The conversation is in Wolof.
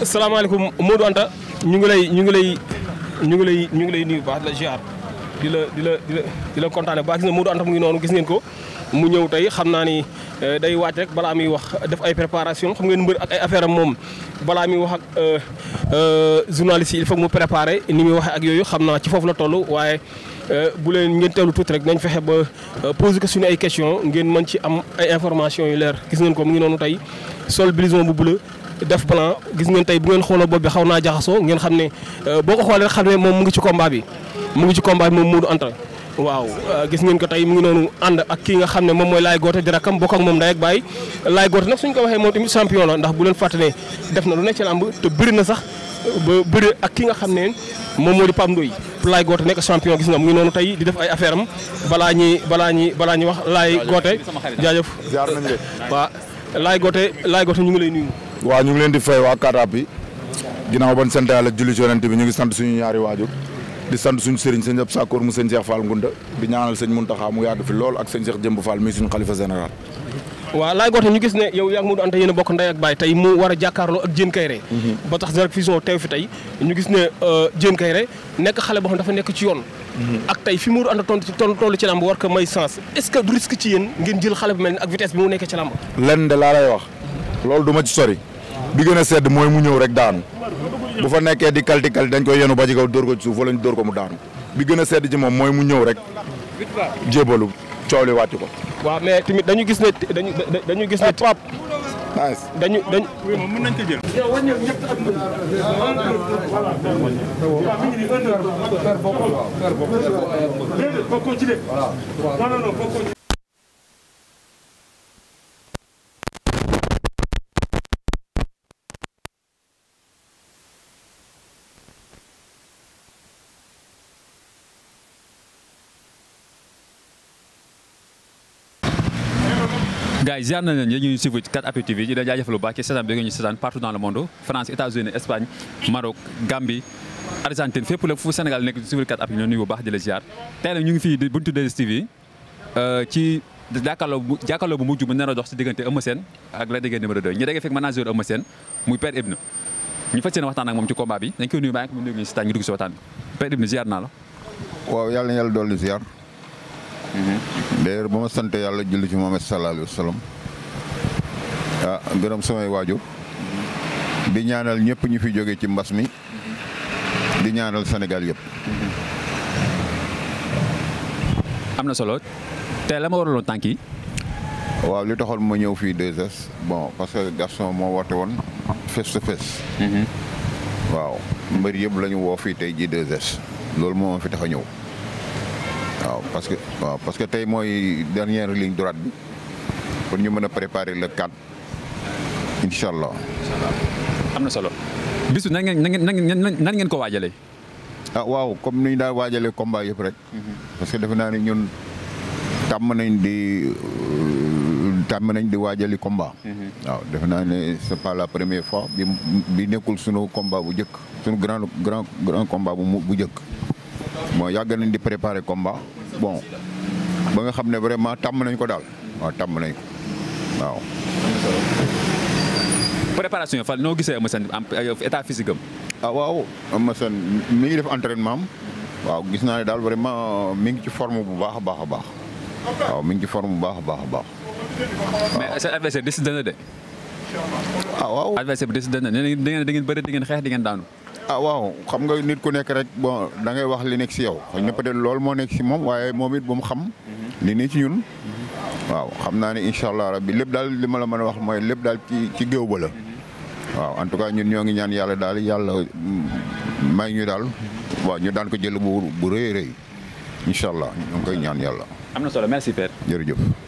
asalaamaaleykum Modou Anta ñu ngi lay ñu ngi lay ñu ngi lay ñu ngi lay nuyu baax di la ziar di la di la di la di la kontaane baax gis nga Modou Anta mu ngi noonu gis ngeen ko mu ñëw tey xam naa ni euh, day waaj rek balaa muy wax def ay préparation xam ngeen mbër ak ay affaire moom balaa muy wax ak euh, euh, journaliste yi il mu préparer ni muy waxee ak yooyu xam naa ci foofu la toll waaye bu leen ngeen teewlu tuuti rek nañ fexe ba poser ko suñu ay question ngeen mën ci am ay information yu leer gis ngeen ko mu ngi noonu tey sol blouson bu bleu def plan gis ngeen tey bu ngeen xooloo bopp bi xaw naa jaxasoo ngeen xam ne euh, boo ko xoolee xam ne moom mu ngi ci combat bi mu ngi ci combat moom Modou Anta waaw euh, gis ngeen ko tey mu ngi noonu ànd ak kii nga xam ne moom mooy Laye Gothé di rakkam bokk ak moom ndey ak baay Laye nag suñ ko waxee moom tamit champion la bu leen fàttalee def na lu ne ci làmb te bëri na sax ba bëri ak ki nga xam ne moom moo di Pape Ndoye Laye Gothé nekk champion gis nga mu ngi noonu tey di def ay affaire am balaa ñuy balaa ñuy balaa ñuy wax Laye Gothé jaajëf jaar nañ waaw Laye Gothé Laye ñu ngi lay nuyu waaw ñu ngi leen di fay waa Kaataab yi ginnaaw ban sant yàlla julli ci yonent bi ñu ngi sant suñu ñaari waajur di sant suñu sëriñ sëñ Abdou Sakkoor mu sëñ Cheikh Fall Ngunda di ñaanal sëñ Muntaxa mu yàgg fi lool ak sëñ Cheikh Jëmb Fall mi suñu xalifa général waaw laay goote ñu gis ne yow yaa ngi Modou Anta yéen a bokk ndey ak baay tey mu war a jàkkaarloo ak Diène Kairé mhm. ba tax Zarak Vision teew fi tey ñu gis ne euh, Diène Kairé nekk xale boo xam dafa nekk ci yoon mhm. ak fi Modou Anta toll ci toll ci làmb war ko may sens est-ce que du risque ci yéen ngeen jël loolu du ma ci sori bi gën a sedd mooy mu ñëw rek daanu bu fa nekkee di kalti kalti dañ ko yenu ba ci kaw ko ci suuf wala ñu dóor ko mu daanu bi gën a sedd ci moom mooy mu ñëw rek jébalu coow li ko. waaw mais tamit dañu gis ne dañu dañu gis gars yi ziar na leen ñu ngi suivre ci 4appuis TV di leen jaajëfal lu baax ci seetaan bi nga ñu partout dans le monde France États-Unis Espagne Maroc Gambie Argentine fépp la fu Sénégal nekk di bu baax di la ziar tey ñu ngi fii buntu 2STV euh, ci jàkkaarloo bu bu mujj bu nar a dox si diggante Eumeu ak Lac de Guiers numéro ñu dégg fekk manager Eumeu Sène muy Père Ibn ñu fas yéene waxtaan moom ci combat bi dañ koy nuyu baax mu nuyu ñu seetaan ñu dugg si waxtaan d'ailleurs ba ma sant yàlla julli ci Muhammad sallallahu alayhi wa sallam ah gërëm samay waajur di ñaanal ñëpp ñu fi jóge ci mbas mi di ñaanal Sénégal yëpp am na solo te la ma waraloon tànk yi waaw li taxoon ma ñëw fii 2S bon parce que Gaston moo woote woon face to face mhm. waaw mbër yëpp lañu ñu woo fii tey ji 2S loolu moo ma fi tax a ñëw waaw parce que waaw parce que tey mooy dernière ligne droite bi pour ñu mën a préparer le cadre incha allah. am na solo bisu nan ngeen nan ngeen nan ngeen ko waajalee. ah waaw comme ni ñu daal waajalee combat yëpp rek. Mhm. parce que defe naa ne ñun tàmm nañ di euh, tàmm nañ di waajali combat. Mhm. waaw defe naa ne c'est pas la première fois bi bi nekkul sunu combat bu njëkk sunu grand grand grand combat bu bu njëkk. ma yàgg nañ di préparer combat bon ba nga xam ne vraiment tàmm nañ ko daal waaw tàmm nañ ko waaw. préparation fan noo gisee Eumeu Sène am état physique am. ah waaw Eumeu Sène mi ngi def entraînement waaw gis naa ne daal vraiment euh, mi ngi ci forme bu baax a baax a baax waaw mi ngi ci forme bu baax a baax baax. mais seen adversaire décidé de. ah waaw adversaire bi décidé na ne da ngeen da di ngeen xeex di daanu. a ah, waaw xam nga nit ku nekk rek bon da ngay wax li nekk si yow. waaw xëy na peut moo nekk si moom waaye moom it bu xam. li ne ci ñun. waaw xam naa ne incha allah rabbi lépp daal li ma la mën a wax mooy lépp daal ci ci géew ba la. waaw en tout cas ñun ñoo ngi ñaan yàlla daal yàlla may ñu daal. waaw ñu daan ko jël bu bu rëy rëy. incha allah ñoo koy ñaan yàlla. am na solo merci Père. jërëjëf.